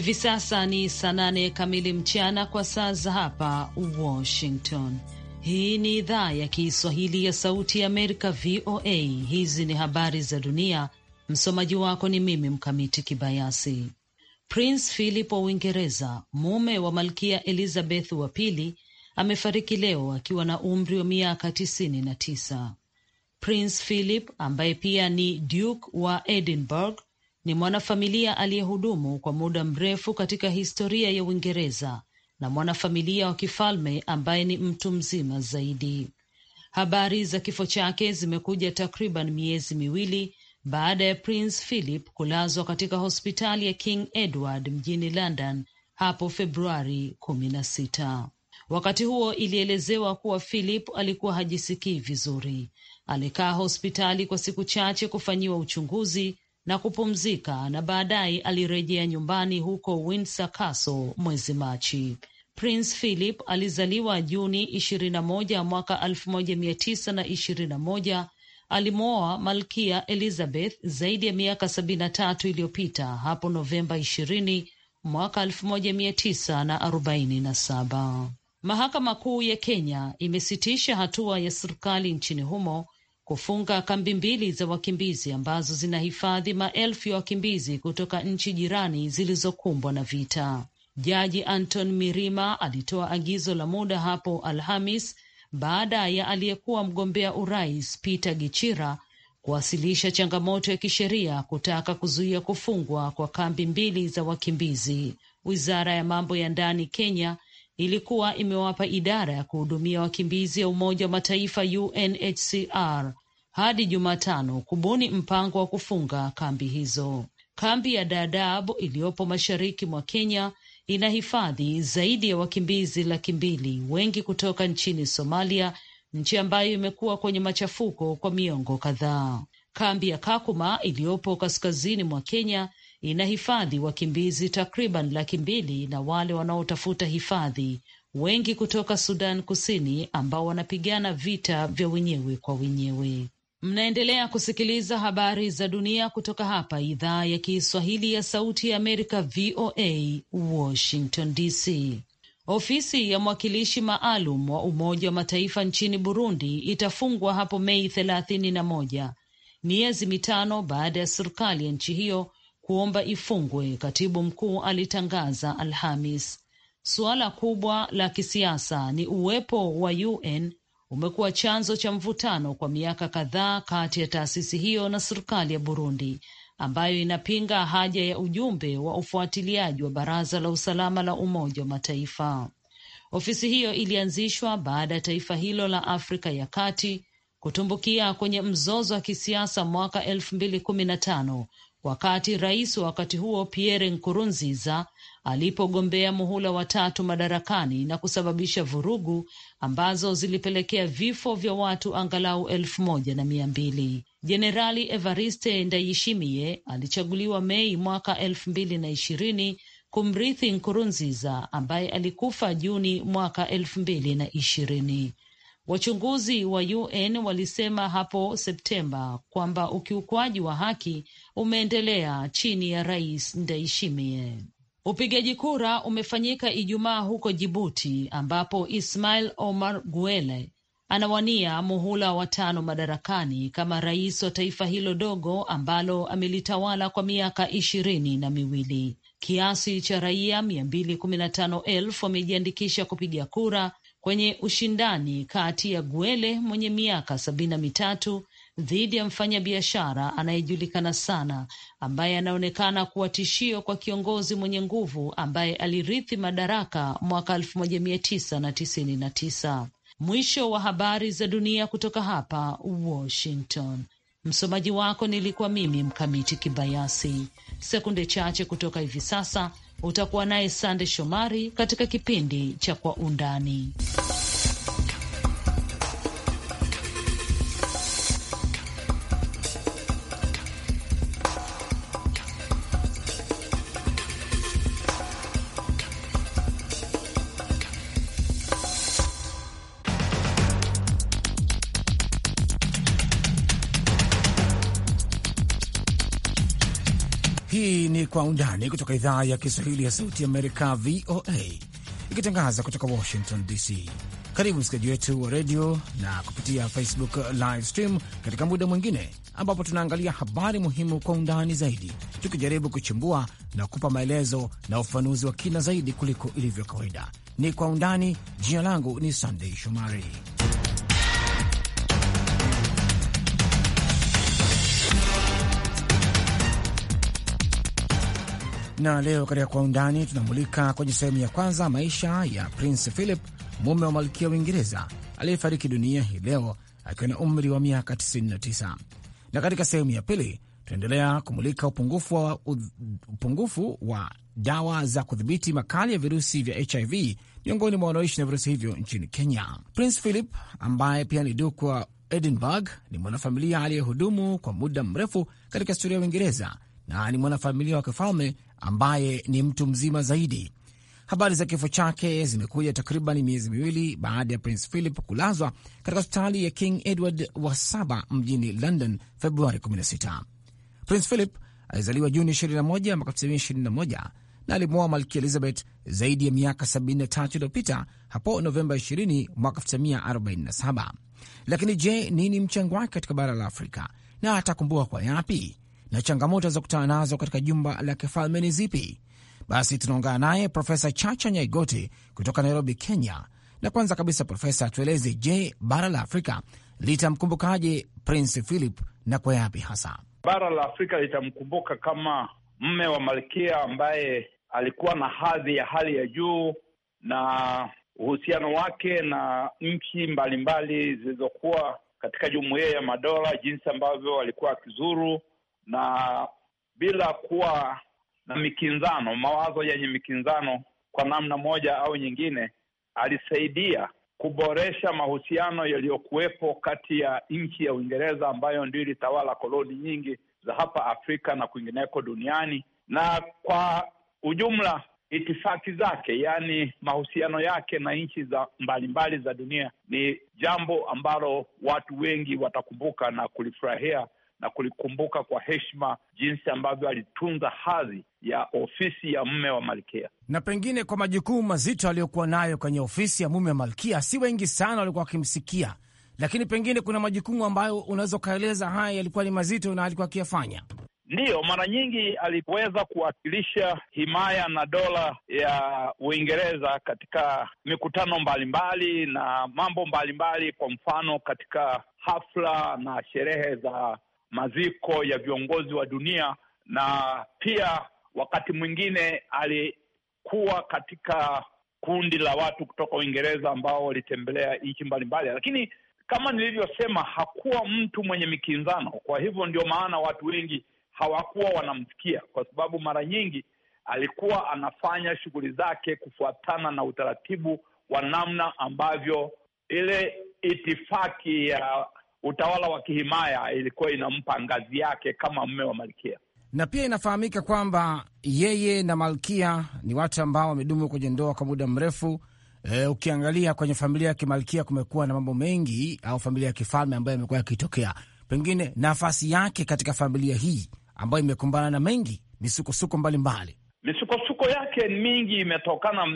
Hivi sasa ni saa nane kamili mchana kwa saa za hapa Washington. Hii ni idhaa ya Kiswahili ya Sauti ya Amerika, VOA. Hizi ni habari za dunia. Msomaji wako ni mimi Mkamiti Kibayasi. Prince Philip wa Uingereza, mume wa Malkia Elizabeth wa Pili, amefariki leo akiwa na umri wa miaka tisini na tisa. Prince Philip ambaye pia ni Duke wa Edinburgh ni mwanafamilia aliyehudumu kwa muda mrefu katika historia ya Uingereza na mwanafamilia wa kifalme ambaye ni mtu mzima zaidi. Habari za kifo chake zimekuja takriban miezi miwili baada ya Prince Philip kulazwa katika hospitali ya King Edward mjini London hapo Februari kumi na sita. Wakati huo ilielezewa kuwa Philip alikuwa hajisikii vizuri. Alikaa hospitali kwa siku chache kufanyiwa uchunguzi na kupumzika na baadaye alirejea nyumbani huko Windsor Castle mwezi Machi. Prince Philip alizaliwa Juni 21 mwaka 1921. Alimwoa Malkia Elizabeth zaidi ya miaka 73 iliyopita hapo Novemba 20 mwaka 1947. Mahakama Kuu ya Kenya imesitisha hatua ya serikali nchini humo kufunga kambi mbili za wakimbizi ambazo zinahifadhi maelfu ya wakimbizi kutoka nchi jirani zilizokumbwa na vita. Jaji Anton Mirima alitoa agizo la muda hapo Alhamis baada ya aliyekuwa mgombea urais Peter Gichira kuwasilisha changamoto ya kisheria kutaka kuzuia kufungwa kwa kambi mbili za wakimbizi. Wizara ya mambo ya ndani Kenya ilikuwa imewapa idara ya kuhudumia wakimbizi ya Umoja wa Mataifa UNHCR hadi Jumatano kubuni mpango wa kufunga kambi hizo. Kambi ya Dadaab iliyopo mashariki mwa Kenya inahifadhi zaidi ya wakimbizi laki mbili, wengi kutoka nchini Somalia, nchi ambayo imekuwa kwenye machafuko kwa miongo kadhaa. Kambi ya Kakuma iliyopo kaskazini mwa Kenya inahifadhi wakimbizi takriban laki mbili na wale wanaotafuta hifadhi, wengi kutoka Sudan Kusini ambao wanapigana vita vya wenyewe kwa wenyewe. Mnaendelea kusikiliza habari za dunia kutoka hapa idhaa ya Kiswahili ya Sauti ya Amerika, VOA Washington DC. Ofisi ya mwakilishi maalum wa Umoja wa Mataifa nchini Burundi itafungwa hapo Mei thelathini na moja, miezi mitano baada ya serikali ya nchi hiyo kuomba ifungwe, katibu mkuu alitangaza Alhamis. Suala kubwa la kisiasa ni uwepo wa UN umekuwa chanzo cha mvutano kwa miaka kadhaa kati ya taasisi hiyo na serikali ya Burundi ambayo inapinga haja ya ujumbe wa ufuatiliaji wa Baraza la Usalama la Umoja wa Mataifa. Ofisi hiyo ilianzishwa baada ya taifa hilo la Afrika ya Kati kutumbukia kwenye mzozo wa kisiasa mwaka elfu mbili kumi na tano wakati rais wa wakati huo Pierre Nkurunziza alipogombea muhula watatu madarakani na kusababisha vurugu ambazo zilipelekea vifo vya watu angalau elfu moja na mia mbili. Jenerali Evariste Ndayishimiye alichaguliwa Mei mwaka elfu mbili na ishirini kumrithi Nkurunziza ambaye alikufa Juni mwaka elfu mbili na ishirini. Wachunguzi wa UN walisema hapo Septemba kwamba ukiukwaji wa haki umeendelea chini ya Rais Ndayishimiye. Upigaji kura umefanyika Ijumaa huko Jibuti ambapo Ismail Omar Guelle anawania muhula wa tano madarakani kama rais wa taifa hilo dogo ambalo amelitawala kwa miaka ishirini na miwili. Kiasi cha raia mia mbili kumi na tano elfu wamejiandikisha kupiga kura kwenye ushindani kati ya gwele mwenye miaka sabini na mitatu dhidi ya mfanyabiashara anayejulikana sana ambaye anaonekana kuwa tishio kwa kiongozi mwenye nguvu ambaye alirithi madaraka mwaka 1999. Mwisho wa habari za dunia kutoka hapa Washington. Msomaji wako nilikuwa mimi Mkamiti Kibayasi. Sekunde chache kutoka hivi sasa Utakuwa naye Sande Shomari katika kipindi cha Kwa Undani. kwa undani kutoka idhaa ya Kiswahili ya Sauti Amerika, VOA, ikitangaza kutoka Washington DC. Karibu msikilizaji wetu wa redio na kupitia Facebook live stream katika muda mwingine ambapo tunaangalia habari muhimu kwa undani zaidi, tukijaribu kuchimbua na kupa maelezo na ufafanuzi wa kina zaidi kuliko ilivyo kawaida. Ni kwa undani. Jina langu ni Sandei Shomari na leo katika Kwa Undani tunamulika kwenye sehemu ya kwanza maisha ya Prince Philip, mume wa malkia wa Uingereza aliyefariki dunia hii leo akiwa na umri wa miaka 99, na katika sehemu ya pili tunaendelea kumulika upungufu wa, upungufu wa dawa za kudhibiti makali ya virusi vya HIV miongoni mwa wanaoishi na virusi hivyo nchini Kenya. Prince Philip ambaye pia ni duku wa Edinburgh ni mwanafamilia aliyehudumu kwa muda mrefu katika historia ya Uingereza na ni mwanafamilia wa kifalme ambaye ni mtu mzima zaidi. Habari za kifo chake zimekuja takriban miezi miwili baada ya Prince Philip kulazwa katika hospitali ya King Edward wa saba mjini London Februari 16. Prince Philip alizaliwa Juni 21 mwaka 1921 na alimwoa Malkia Elizabeth zaidi ya miaka 73 iliyopita hapo Novemba 20 mwaka 1947. Lakini je, nini mchango wake katika bara la Afrika na atakumbuka kwa yapi? na changamoto alizokutana nazo katika jumba la kifalme ni zipi? Basi tunaungana naye Profesa Chacha Nyaigoti kutoka Nairobi, Kenya. Na kwanza kabisa, Profesa, tueleze, je, bara la Afrika litamkumbukaje Prince Philip na kwa yapi hasa? Bara la Afrika litamkumbuka kama mme wa malkia ambaye alikuwa na hadhi ya hali ya juu na uhusiano wake na nchi mbalimbali zilizokuwa katika jumuiya ya madola, jinsi ambavyo alikuwa akizuru na bila kuwa na mikinzano, mawazo yenye mikinzano kwa namna moja au nyingine, alisaidia kuboresha mahusiano yaliyokuwepo kati ya nchi ya Uingereza ambayo ndio ilitawala koloni nyingi za hapa Afrika na kwingineko duniani, na kwa ujumla itifaki zake, yaani mahusiano yake na nchi za mbalimbali za dunia, ni jambo ambalo watu wengi watakumbuka na kulifurahia na kulikumbuka kwa heshima jinsi ambavyo alitunza hadhi ya ofisi ya mume wa malkia. Na pengine kwa majukumu mazito aliyokuwa nayo kwenye ofisi ya mume wa malkia, si wengi sana walikuwa wakimsikia, lakini pengine kuna majukumu ambayo unaweza ukaeleza, haya yalikuwa ni mazito na alikuwa akiyafanya. Ndiyo, mara nyingi aliweza kuwakilisha himaya na dola ya Uingereza katika mikutano mbalimbali na mambo mbalimbali, kwa mfano katika hafla na sherehe za maziko ya viongozi wa dunia, na pia wakati mwingine alikuwa katika kundi la watu kutoka Uingereza ambao walitembelea nchi mbalimbali, lakini kama nilivyosema, hakuwa mtu mwenye mikinzano. Kwa hivyo ndio maana watu wengi hawakuwa wanamsikia, kwa sababu mara nyingi alikuwa anafanya shughuli zake kufuatana na utaratibu wa namna ambavyo ile itifaki ya utawala wa kihimaya ilikuwa inampa ngazi yake kama mme wa malkia, na pia inafahamika kwamba yeye na malkia ni watu ambao wamedumu kwenye ndoa kwa muda mrefu. E, ukiangalia kwenye familia ya kimalkia kumekuwa na mambo mengi au familia ya kifalme ambayo imekuwa yakitokea, pengine nafasi yake katika familia hii ambayo imekumbana na mengi misukosuko mbalimbali. Misukosuko yake mingi imetokana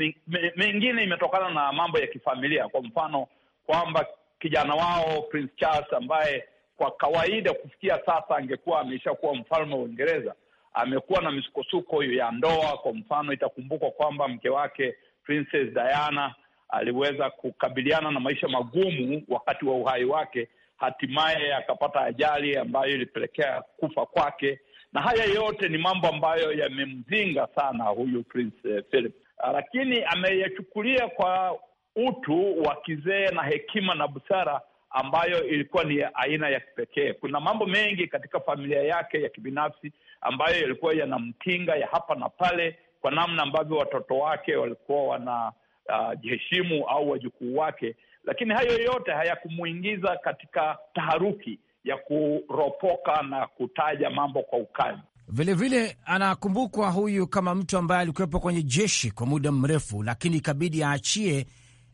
mengine imetokana na mambo ya kifamilia, kwa mfano kwamba kijana wao Prince Charles ambaye kwa kawaida kufikia sasa angekuwa ameshakuwa mfalme wa Uingereza, amekuwa na misukosuko hiyo ya ndoa. Kwa mfano, itakumbukwa kwamba mke wake Princess Diana aliweza kukabiliana na maisha magumu wakati wa uhai wake, hatimaye akapata ajali ambayo ilipelekea kufa kwake, na haya yote ni mambo ambayo yamemzinga sana huyu Prince eh, Philip, lakini ameyachukulia kwa utu wa kizee na hekima na busara ambayo ilikuwa ni aina ya kipekee. Kuna mambo mengi katika familia yake ya kibinafsi ambayo yalikuwa yanamkinga ya hapa na pale, kwa namna ambavyo watoto wake walikuwa wanajiheshimu ah, uh, au wajukuu wake, lakini hayo yote hayakumuingiza katika taharuki ya kuropoka na kutaja mambo kwa ukali. Vilevile anakumbukwa huyu kama mtu ambaye alikuwepo kwenye jeshi kwa muda mrefu, lakini ikabidi aachie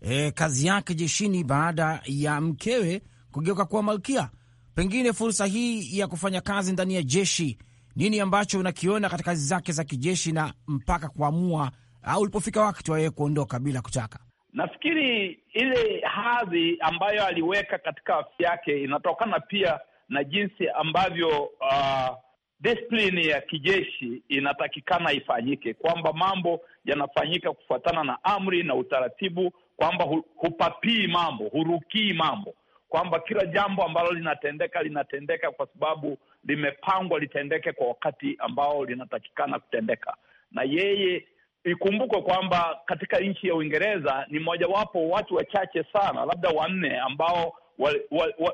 e, kazi yake jeshini baada ya mkewe kugeuka kuwa malkia. Pengine fursa hii ya kufanya kazi ndani ya jeshi, nini ambacho unakiona katika kazi zake za kijeshi na mpaka kuamua au ulipofika wakati wa yeye kuondoka bila kutaka? Nafikiri ile hadhi ambayo aliweka katika afya yake inatokana pia na jinsi ambavyo uh, disiplini ya kijeshi inatakikana ifanyike, kwamba mambo yanafanyika kufuatana na amri na utaratibu kwamba hupapii mambo, hurukii mambo, kwamba kila jambo ambalo linatendeka linatendeka kwa sababu limepangwa litendeke kwa wakati ambao linatakikana kutendeka. Na yeye ikumbukwe kwamba katika nchi ya Uingereza ni mojawapo watu wachache sana, labda wanne, ambao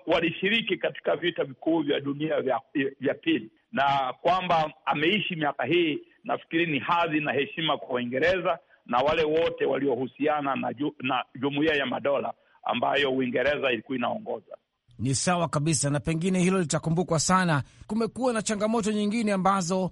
walishiriki wa, wa katika vita vikuu vya dunia vya, vya pili, na kwamba ameishi miaka hii, nafikiri ni hadhi na heshima kwa Waingereza na wale wote waliohusiana na, ju, na jumuiya ya madola ambayo Uingereza ilikuwa inaongoza. Ni sawa kabisa, na pengine hilo litakumbukwa sana. Kumekuwa na changamoto nyingine ambazo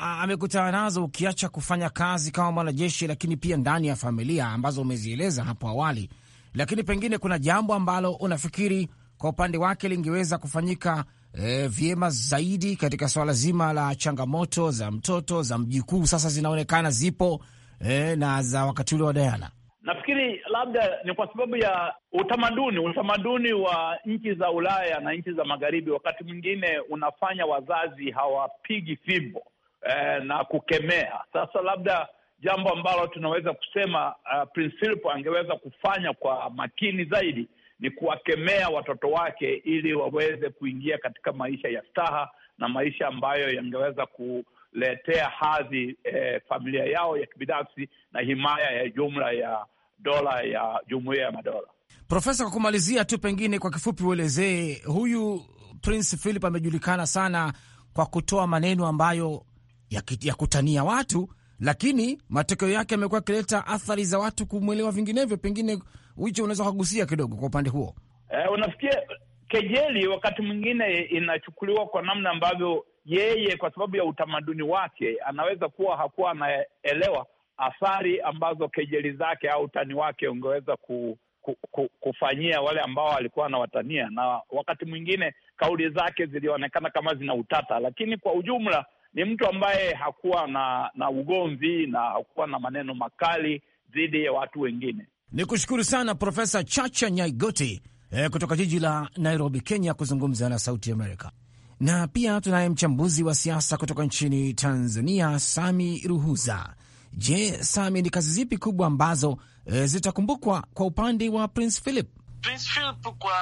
amekutana nazo, ukiacha kufanya kazi kama mwanajeshi, lakini pia ndani ya familia ambazo umezieleza hapo awali. Lakini pengine kuna jambo ambalo unafikiri kwa upande wake lingeweza kufanyika e, vyema zaidi katika swala zima la changamoto za mtoto za mjukuu, sasa zinaonekana zipo eh, na za wakati ule wa Diana? Nafikiri labda ni kwa sababu ya utamaduni, utamaduni wa nchi za Ulaya na nchi za Magharibi wakati mwingine unafanya wazazi hawapigi fimbo eh, na kukemea. Sasa labda jambo ambalo tunaweza kusema uh, eh, Prince angeweza kufanya kwa makini zaidi ni kuwakemea watoto wake ili waweze kuingia katika maisha ya staha na maisha ambayo yangeweza ku, kuletea hadhi eh, familia yao ya kibinafsi na himaya ya jumla ya dola ya jumuiya ya madola. Profesa, kwa kumalizia tu, pengine kwa kifupi uelezee huyu Prince Philip amejulikana sana kwa kutoa maneno ambayo ya, ya kutania watu, lakini matokeo yake yamekuwa akileta athari za watu kumwelewa vinginevyo. Pengine hicho unaweza ukagusia kidogo kwa upande huo. Eh, unafikia kejeli wakati mwingine inachukuliwa kwa namna ambavyo yeye kwa sababu ya utamaduni wake anaweza kuwa hakuwa anaelewa athari ambazo kejeli zake au utani wake ungeweza ku, ku, ku, kufanyia wale ambao alikuwa anawatania, na wakati mwingine kauli zake zilionekana kama zina utata, lakini kwa ujumla ni mtu ambaye hakuwa na na ugomvi na hakuwa na maneno makali dhidi ya watu wengine. Ni kushukuru sana Profesa Chacha Nyaigoti eh, kutoka jiji la Nairobi, Kenya, kuzungumza na Sauti Amerika na pia tunaye mchambuzi wa siasa kutoka nchini Tanzania, Sami Ruhuza. Je, Sami, ni kazi zipi kubwa ambazo e, zitakumbukwa kwa upande wa Prince Philip? Prince Philip kwa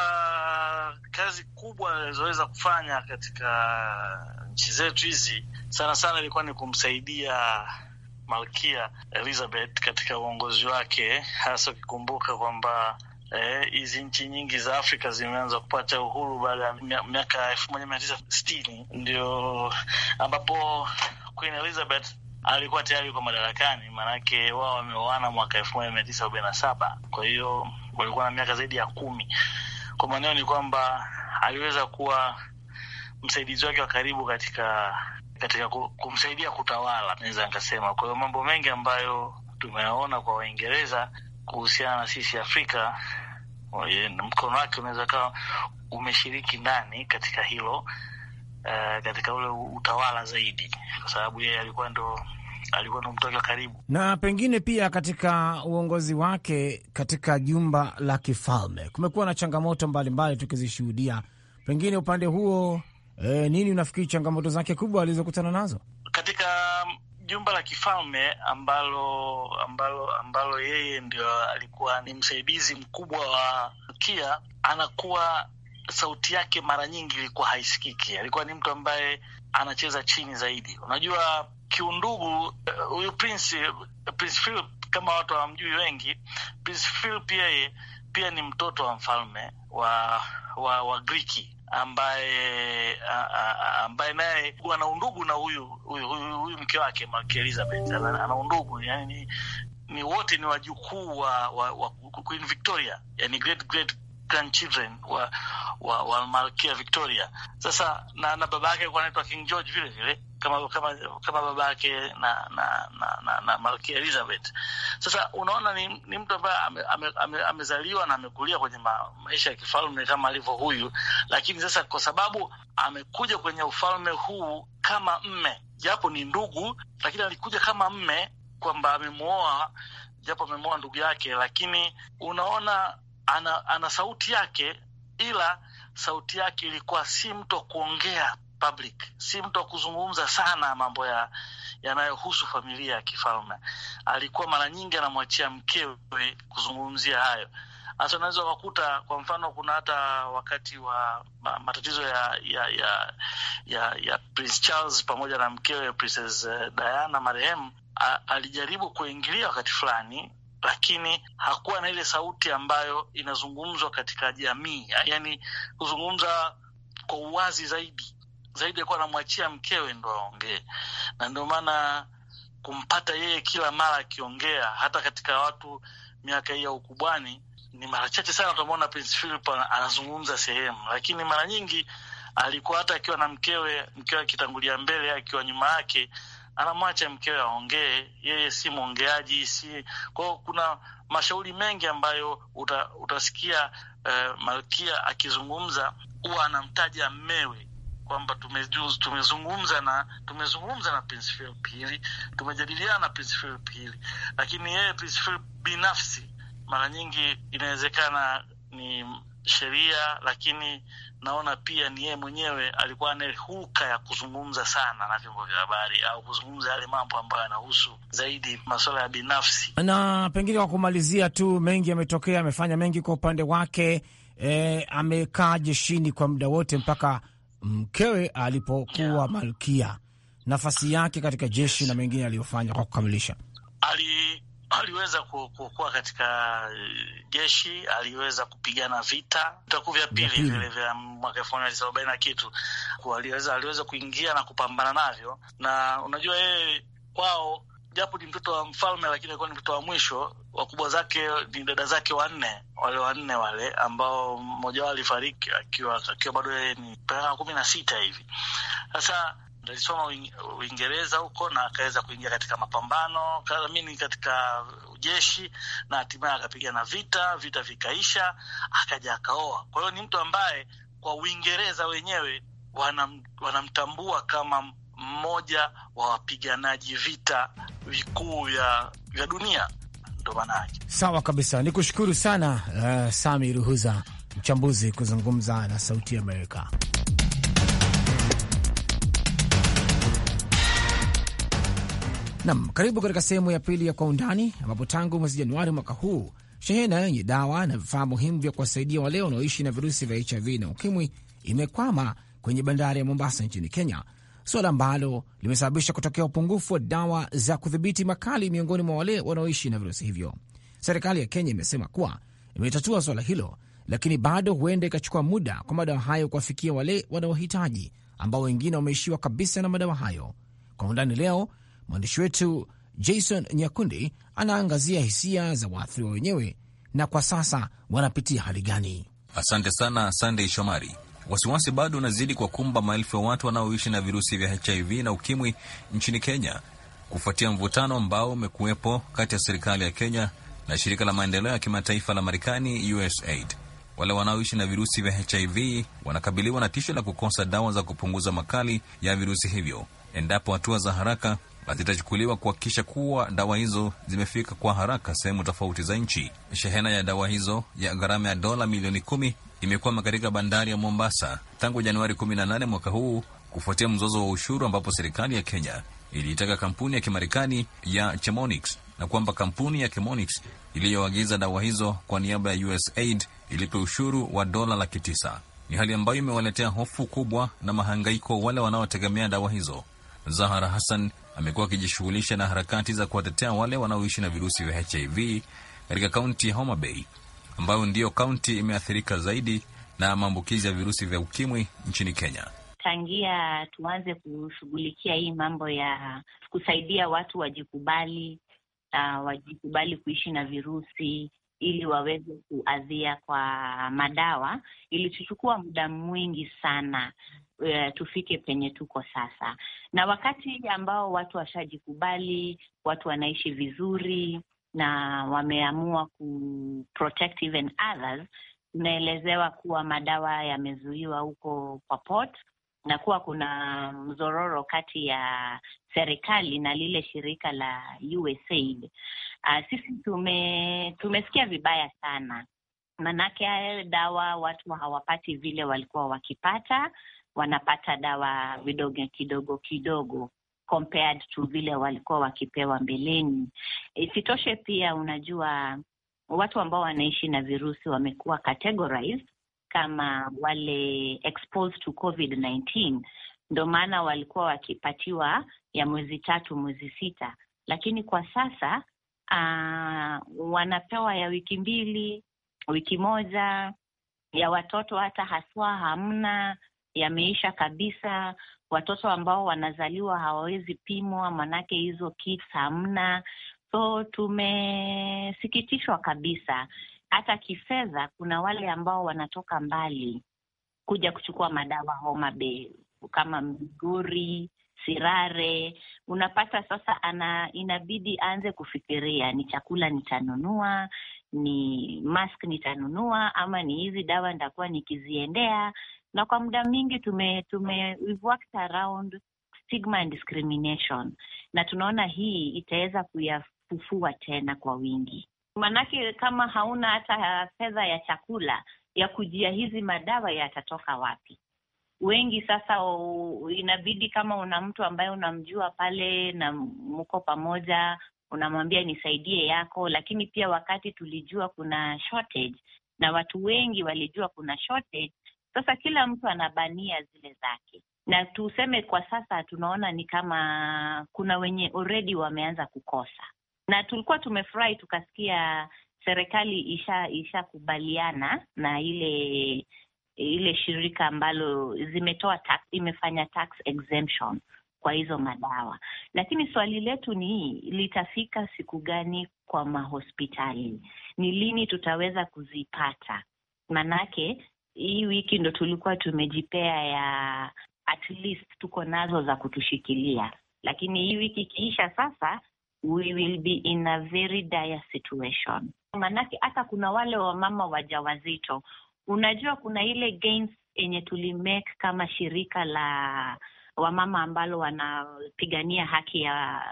kazi kubwa alizoweza kufanya katika nchi zetu hizi, sana sana ilikuwa ni kumsaidia Malkia Elizabeth katika uongozi wake, hasa ukikumbuka kwamba Eh, hizi e, nchi nyingi za Afrika zimeanza kupata uhuru baada ya miaka elfu moja mia tisa sitini ndio ambapo Queen Elizabeth alikuwa tayari kwa madarakani, maanake wao wameoana mwaka elfu moja mia tisa arobaini na saba kwa hiyo walikuwa na miaka zaidi ya kumi. Kwa maneo ni kwamba aliweza kuwa msaidizi wake wa karibu katika katika kumsaidia kutawala, naweza nikasema. Kwa hiyo mambo mengi ambayo tumeyaona kwa Waingereza kuhusiana na sisi Afrika mkono wake unaweza kawa umeshiriki ndani katika hilo uh, katika ule utawala zaidi, kwa sababu yeye alikuwa ndo alikuwa ndo mtoto karibu, na pengine pia katika uongozi wake katika jumba la kifalme kumekuwa na changamoto mbalimbali tukizishuhudia. Pengine upande huo, eh, nini unafikiri changamoto zake kubwa alizokutana nazo? jumba la kifalme ambalo ambalo ambalo yeye ndio alikuwa ni msaidizi mkubwa wa kia anakuwa sauti yake mara nyingi ilikuwa haisikiki. Alikuwa ni mtu ambaye anacheza chini zaidi. Unajua kiundugu eh, huyu uh, Prince Prince Philip, kama watu hawamjui wengi, Prince Philip yeye pia ni mtoto wa mfalme wa wa, wa Griki ambaye ambaye naye ana undugu na huyu huyu, huyu, huyu mke wake Malkia Elizabeth ana undugu yani, ni wote ni wajukuu wa, wa, wa Queen Victoria yani great great grandchildren wa, wa, wa Malkia Victoria. Sasa na, na baba yake alikuwa anaitwa King George vile vile kama, kama, kama baba yake na, na, na, na, na Malkia Elizabeth. Sasa unaona ni, ni mtu ambaye amezaliwa ame, ame, na amekulia kwenye ma, maisha ya kifalme kama alivyo huyu, lakini sasa kwa sababu amekuja kwenye ufalme huu kama mme, japo ni ndugu, lakini alikuja kama mme kwamba amemwoa, japo amemwoa ndugu yake, lakini unaona ana, ana sauti yake, ila sauti yake ilikuwa si mtu wa kuongea public, si mtu wa kuzungumza sana mambo ya yanayohusu familia ya kifalme. Alikuwa mara nyingi anamwachia mkewe kuzungumzia hayo. Hasa unaweza ukakuta kwa mfano, kuna hata wakati wa matatizo ya ya ya ya, ya Prince Charles pamoja na mkewe Princess eh, Diana marehemu alijaribu kuingilia wakati fulani lakini hakuwa na ile sauti ambayo inazungumzwa katika jamii, yaani kuzungumza kwa uwazi zaidi zaidi. kuwa anamwachia mkewe ndo aongee, na ndio maana kumpata yeye kila mara akiongea, hata katika watu miaka hii ya ukubwani, ni mara chache sana utamwona Prince Philip anazungumza sehemu, lakini mara nyingi alikuwa hata akiwa na mkewe, mkewe akitangulia mbele, akiwa nyuma yake anamwacha mkewe aongee, yeye si mwongeaji, si kwao. Kuna mashauri mengi ambayo uta, utasikia uh, malkia akizungumza huwa anamtaja mmewe kwamba tumezungumza na tumezungumza na Prince Philip hili, tumejadiliana na Prince Philip hili, lakini yeye Prince Philip binafsi mara nyingi inawezekana ni sheria, lakini naona pia ni yeye mwenyewe alikuwa anayehuka ya kuzungumza sana na vyombo vya habari au kuzungumza yale mambo ambayo yanahusu zaidi masuala ya binafsi. Na pengine kwa kumalizia tu, mengi yametokea, amefanya mengi kwa upande wake. E, amekaa jeshini kwa muda wote mpaka mkewe alipokuwa yeah, malkia. Nafasi yake katika jeshi na mengine aliyofanya kwa kukamilisha ali aliweza kuokoa katika eh, jeshi, aliweza kupigana vita vitaku vya pili vile vya mwaka elfu moja mia tisa arobaini na kitu, aliweza aliweza kuingia na kupambana navyo, na unajua yeye kwao japo ni mtoto wa mfalme lakini alikuwa ni mtoto wa mwisho. Wakubwa zake ni dada zake wanne, wale wanne wale ambao mmoja wao alifariki akiwa akiwa bado yeye ni miaka kumi na sita hivi. Sasa nilisoma Uingereza huko na akaweza kuingia katika mapambano kamini katika jeshi na hatimaye akapigana vita, vita vikaisha, akaja akaoa. Kwa hiyo ni mtu ambaye kwa Uingereza wenyewe wanam, wanamtambua kama mmoja wa wapiganaji vita vikuu vya, vya dunia ndo maana yake. Sawa kabisa, ni kushukuru sana uh, Sami Ruhuza, mchambuzi kuzungumza na Sauti ya Amerika. Nam, karibu katika sehemu ya pili ya Kwa Undani, ambapo tangu mwezi Januari mwaka huu shehena yenye dawa na vifaa muhimu vya kuwasaidia wale wanaoishi na virusi vya HIV na ukimwi imekwama kwenye bandari ya Mombasa nchini Kenya, suala ambalo limesababisha kutokea upungufu wa dawa za kudhibiti makali miongoni mwa wale wanaoishi na virusi hivyo. Serikali ya Kenya imesema kuwa imetatua suala hilo, lakini bado huenda ikachukua muda kwa madawa hayo kuwafikia wale wanaohitaji, ambao wengine wameishiwa kabisa na madawa hayo. Kwa undani leo Mwandishi wetu Jason Nyakundi anaangazia hisia za waathiriwa wenyewe na kwa sasa wanapitia hali gani. Asante sana Sandey Shomari. Wasiwasi bado unazidi kwa kumba maelfu ya watu wanaoishi na virusi vya HIV na ukimwi nchini Kenya kufuatia mvutano ambao umekuwepo kati ya serikali ya Kenya na shirika la maendeleo ya kimataifa la Marekani, USAID. Wale wanaoishi na virusi vya HIV wanakabiliwa na tisho la kukosa dawa za kupunguza makali ya virusi hivyo endapo hatua za haraka na zitachukuliwa kuhakikisha kuwa dawa hizo zimefika kwa haraka sehemu tofauti za nchi. Shehena ya dawa hizo ya gharama ya dola milioni kumi imekwama katika bandari ya Mombasa tangu Januari 18 mwaka huu kufuatia mzozo wa ushuru, ambapo serikali ya Kenya iliitaka kampuni ya Kimarekani ya Chemonix na kwamba kampuni ya Chemonix iliyoagiza dawa hizo kwa niaba ya USAID ilipe ushuru wa dola laki tisa. Ni hali ambayo imewaletea hofu kubwa na mahangaiko wale wanaotegemea dawa hizo. Zahara Hassan amekuwa akijishughulisha na harakati za kuwatetea wale wanaoishi na virusi vya HIV katika kaunti ya Homa Bay ambayo ndiyo kaunti imeathirika zaidi na maambukizi ya virusi vya ukimwi nchini Kenya. Tangia tuanze kushughulikia hii mambo ya kusaidia watu wajikubali, uh, wajikubali kuishi na virusi ili waweze kuadhia kwa madawa, ilichukua muda mwingi sana uh, tufike penye tuko sasa, na wakati ambao watu washajikubali, watu wanaishi vizuri na wameamua ku protect even others. Tunaelezewa kuwa madawa yamezuiwa huko kwa port na kuwa kuna mzororo kati ya serikali na lile shirika la USAID. Uh, sisi tume, tumesikia vibaya sana, manake dawa watu hawapati vile walikuwa wakipata wanapata dawa vidogo kidogo kidogo compared to vile walikuwa wakipewa mbeleni. Isitoshe pia, unajua watu ambao wanaishi na virusi wamekuwa categorized kama wale exposed to COVID-19, ndo maana walikuwa wakipatiwa ya mwezi tatu, mwezi sita, lakini kwa sasa uh, wanapewa ya wiki mbili, wiki moja, ya watoto hata haswa hamna yameisha kabisa. Watoto ambao wanazaliwa hawawezi pimwa, manake hizo kits hamna. So tumesikitishwa kabisa. Hata kifedha, kuna wale ambao wanatoka mbali kuja kuchukua madawa Homa Bay kama miguri Sirare. Unapata sasa ana, inabidi aanze kufikiria ni chakula nitanunua, ni mask nitanunua, ama ni hizi dawa nitakuwa nikiziendea na kwa muda mingi tume, tume we've worked around stigma and discrimination, na tunaona hii itaweza kuyafufua tena kwa wingi, maanake kama hauna hata fedha ya chakula ya kujia hizi madawa yatatoka wapi? Wengi sasa o, inabidi kama una mtu ambaye unamjua pale na mko pamoja, unamwambia nisaidie yako. Lakini pia wakati tulijua kuna shortage na watu wengi walijua kuna shortage, sasa kila mtu anabania zile zake, na tuseme kwa sasa tunaona ni kama kuna wenye already wameanza kukosa, na tulikuwa tumefurahi tukasikia serikali isha ishakubaliana na ile ile shirika ambalo zimetoa tax, imefanya tax exemption kwa hizo madawa, lakini swali letu ni litafika siku gani kwa mahospitali? Ni lini tutaweza kuzipata? Manake hii wiki ndo tulikuwa tumejipea ya at least tuko nazo za kutushikilia, lakini hii wiki ikiisha sasa we will be in a very dire situation. Maanake hata kuna wale wamama wajawazito, unajua kuna ile gains yenye tulimake kama shirika la wamama ambalo wanapigania haki ya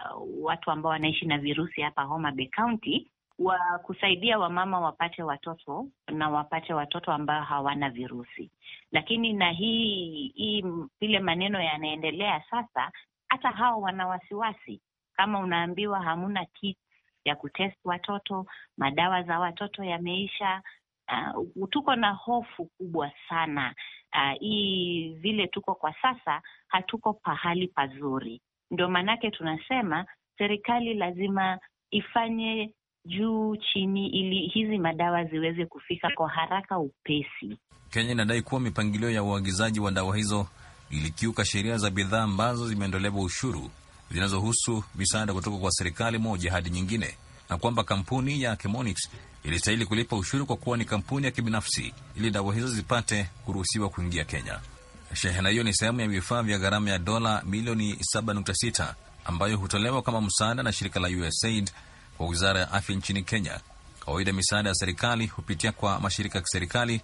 watu ambao wanaishi na virusi hapa Homa Bay County wa kusaidia wamama wapate watoto na wapate watoto ambao hawana virusi. Lakini na hii hii vile maneno yanaendelea sasa, hata hao wana wasiwasi, kama unaambiwa hamuna kit ya kutest watoto, madawa za watoto yameisha. Uh, tuko na hofu kubwa sana uh, hii vile tuko kwa sasa, hatuko pahali pazuri. Ndio maanake tunasema serikali lazima ifanye juu chini, ili hizi madawa ziweze kufika kwa haraka upesi. Kenya inadai kuwa mipangilio ya uagizaji wa dawa hizo ilikiuka sheria za bidhaa ambazo zimeondolewa ushuru zinazohusu misaada kutoka kwa serikali moja hadi nyingine, na kwamba kampuni ya Chemonix ilistahili kulipa ushuru kwa kuwa ni kampuni ya kibinafsi ili dawa hizo zipate kuruhusiwa kuingia Kenya. Shehena hiyo ni sehemu ya vifaa vya gharama ya dola milioni 7.6 ambayo hutolewa kama msaada na shirika la USAID wa wizara ya afya nchini Kenya. Kawaida misaada ya serikali hupitia kwa mashirika ya kiserikali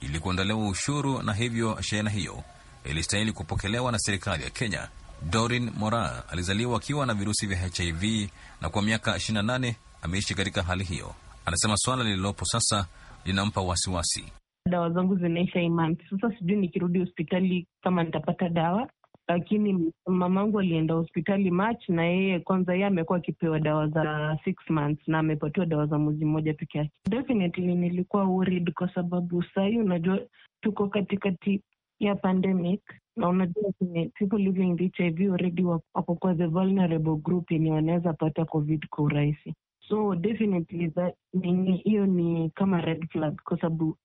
ili kuondolewa ushuru, na hivyo shehena hiyo ilistahili kupokelewa na serikali ya Kenya. Dorin mora alizaliwa akiwa na virusi vya HIV na kwa miaka 28 ameishi katika hali hiyo. Anasema suala lililopo sasa linampa wasiwasi. Dawa zangu zinaisha imani sasa, sijui nikirudi hospitali kama nitapata dawa lakini mamangu alienda hospitali March na yeye kwanza, yeye amekuwa akipewa dawa za six months na amepatiwa dawa za mwezi mmoja peke yake. Definitely nilikuwa worried kwa sababu sahii, unajua tuko katikati ya pandemic na unajua people living with HIV already wako kwa the vulnerable group yenye wanaweza pata covid kwa urahisi so definitely that nini hiyo ni kama red flag kwa sababu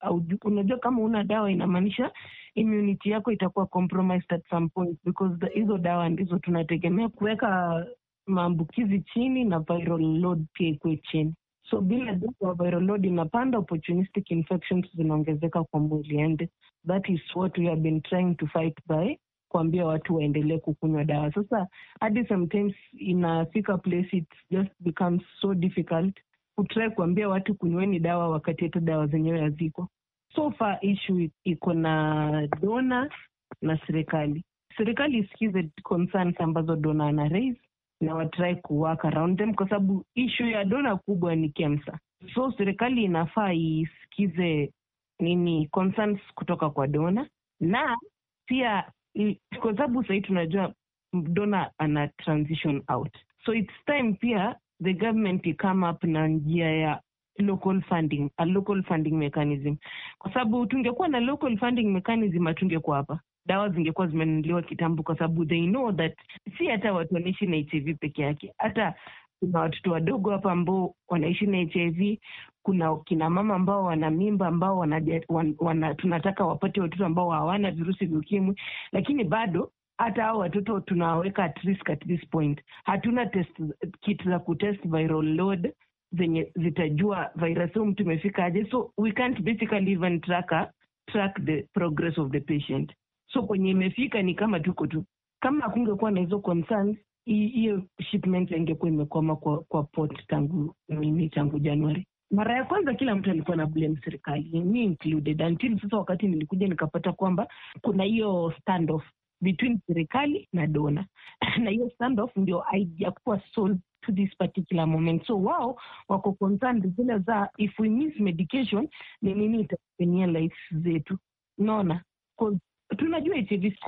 unajua kama una dawa inamaanisha immunity yako itakuwa compromised at some point because hizo dawa ndizo tunategemea kuweka maambukizi chini na viral load pia ikuwe chini so bila dawa viral load inapanda opportunistic infections zinaongezeka kwa mwili and that is what we have been trying to fight by kuambia watu waendelee kukunywa dawa. Sasa hadi sometimes inafika place it just becomes so difficult kutrai kuambia watu kunyweni dawa wakati hata dawa zenyewe haziko. So far issue iko na dona na serikali. Serikali isikize concerns ambazo dona ana raise na watrai kuwork around them, kwa sababu issue ya dona kubwa ni KEMSA. So serikali inafaa isikize nini concerns kutoka kwa dona na pia kwa sababu sahii tunajua dona ana transition out so its time pia the government ikame up na njia ya local funding a local funding mechanism kwa sababu tungekuwa na local funding mechanism hatungekuwa hapa dawa zingekuwa zimenunuliwa kitambo kwa sababu they know that si hata watuonyeshi na hiv peke yake hata kuna watoto wadogo hapa ambao wanaishi na HIV. Kuna kina mama ambao wana mimba ambao wana, wana, tunataka wapate watoto ambao hawana virusi vya ukimwi, lakini bado hata hao watoto tunawaweka at risk at this point. Hatuna test kit za kutest viral load zenye zitajua virus huu mtu imefika aje, so we can't basically even track, track the progress of the patient. So kwenye imefika ni kama tuko tu, kama hakungekuwa na hizo concerns hiyo shipment ingekuwa imekwama kwa, kwa port tangu mimi tangu Januari. Mara ya kwanza kila mtu alikuwa na blame serikali, me included, until sasa wakati nilikuja nikapata kwamba kuna hiyo standoff between serikali na dona na hiyo standoff ndio haijakuwa solved to this particular moment. So wao wako concerned zile za if we miss medication ni nini itafanyia life zetu, naona tunajua it's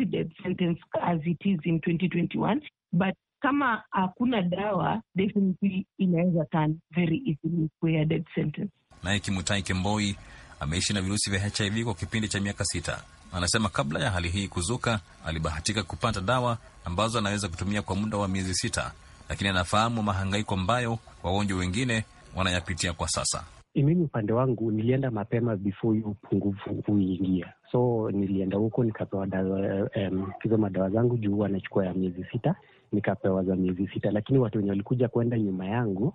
sentence as it is in 2021 but kama hakuna dawa definitely inaweza turn very easily kuwa death sentence. Naye Kimutai Kemboi ameishi na virusi vya HIV kwa kipindi cha miaka sita. Anasema kabla ya hali hii kuzuka, alibahatika kupata dawa ambazo anaweza kutumia kwa muda wa miezi sita, lakini anafahamu mahangaiko ambayo wagonjwa wengine wanayapitia kwa sasa. Mimi upande wangu nilienda mapema before hiyo upungufu huiingia, so nilienda huko nikapewa dawa, um, hizo madawa zangu juu anachukua ya miezi sita nikapewa za miezi sita, lakini watu wenye walikuja kwenda nyuma yangu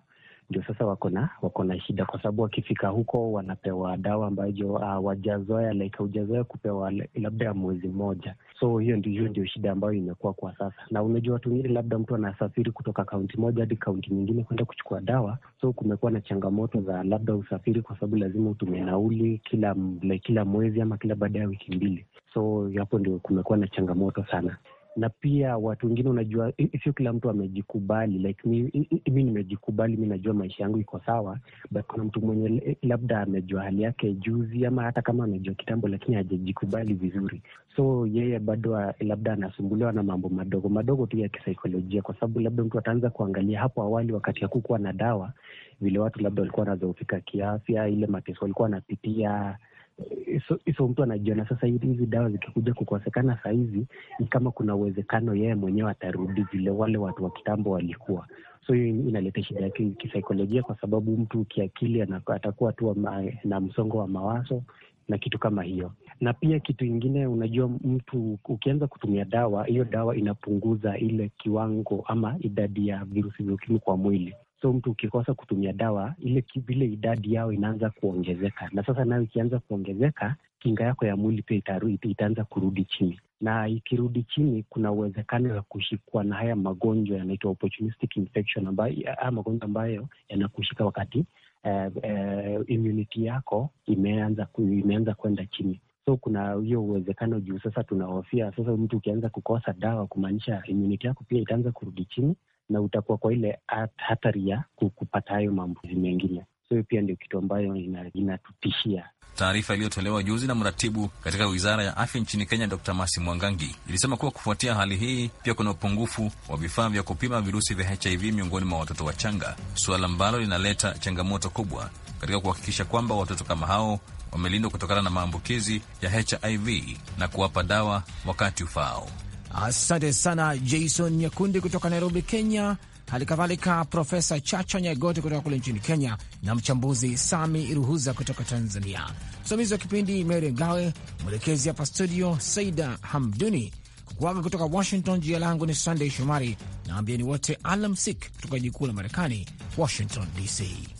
ndio sasa wako na wako na shida, kwa sababu wakifika huko wanapewa dawa ambayo ah, hawajazoea uh, like hujazoea kupewa labda ya mwezi mmoja. So hiyo ndio hiyo ndio shida ambayo imekuwa kwa sasa. Na unajua watu wengine, labda mtu anasafiri kutoka kaunti moja hadi kaunti nyingine kwenda kuchukua dawa, so kumekuwa na changamoto za labda usafiri, kwa sababu lazima utumie nauli kila like, kila mwezi ama kila baada ya wiki mbili. So hapo ndio kumekuwa na changamoto sana na pia watu wengine, unajua, sio kila mtu amejikubali. Like mi, mi nimejikubali, mi najua maisha yangu iko sawa, but kuna mtu mwenye labda amejua hali yake juzi, ama hata kama amejua kitambo, lakini hajajikubali vizuri, so yeye bado ah, labda anasumbuliwa na mambo madogo madogo tu ya kisaikolojia, kwa sababu labda mtu ataanza kuangalia hapo awali, wakati hakukuwa na dawa, vile watu labda walikuwa wanazofika kiafya, ile mateso walikuwa wanapitia hizo mtu anajiona sasa, hizi dawa zikikuja kukosekana saa hizi ni kama kuna uwezekano yeye mwenyewe atarudi vile wale watu wa kitambo walikuwa. So hiyo inaleta shida yake kisaikolojia, kwa sababu mtu kiakili atakuwa tu na msongo wa mawazo na kitu kama hiyo. Na pia kitu ingine, unajua mtu ukianza kutumia dawa, hiyo dawa inapunguza ile kiwango ama idadi ya virusi vya ukimwi kwa mwili. So mtu ukikosa kutumia dawa ile vile idadi yao inaanza kuongezeka, na sasa nayo ikianza kuongezeka, kinga yako ya mwili pia itaanza kurudi chini, na ikirudi chini, kuna uwezekano wa kushikwa na haya magonjwa yanaitwa opportunistic infection, ambayo haya magonjwa ambayo yanakushika wakati Uh, uh, immunity yako imeanza ku, imeanza kwenda chini, so kuna hiyo uwezekano juu. Sasa tunahofia sasa, mtu ukianza kukosa dawa kumaanisha immunity yako pia itaanza kurudi chini, na utakuwa kwa ile hatari ya kupata hayo maambukizi mengine. So hiyo pia ndio kitu ambayo inatutishia. Taarifa iliyotolewa juzi na mratibu katika wizara ya afya nchini Kenya, Dr Masi Mwangangi, ilisema kuwa kufuatia hali hii pia kuna upungufu wa vifaa vya kupima virusi vya HIV miongoni mwa watoto wachanga, suala ambalo linaleta changamoto kubwa katika kuhakikisha kwamba watoto kama hao wamelindwa kutokana na maambukizi ya HIV na kuwapa dawa wakati ufaao. Asante sana Jason Nyakundi kutoka Nairobi, Kenya, hali kadhalika Profesa Chacha Nyaigoti kutoka kule nchini Kenya na mchambuzi Sami Ruhuza kutoka Tanzania. Msimamizi wa kipindi Mary Ngawe, mwelekezi hapa studio Saida Hamduni. Kukuaga kutoka Washington, jina langu ni Sandey Shomari na ambieni wote alamsik kutoka jikuu la Marekani, Washington DC.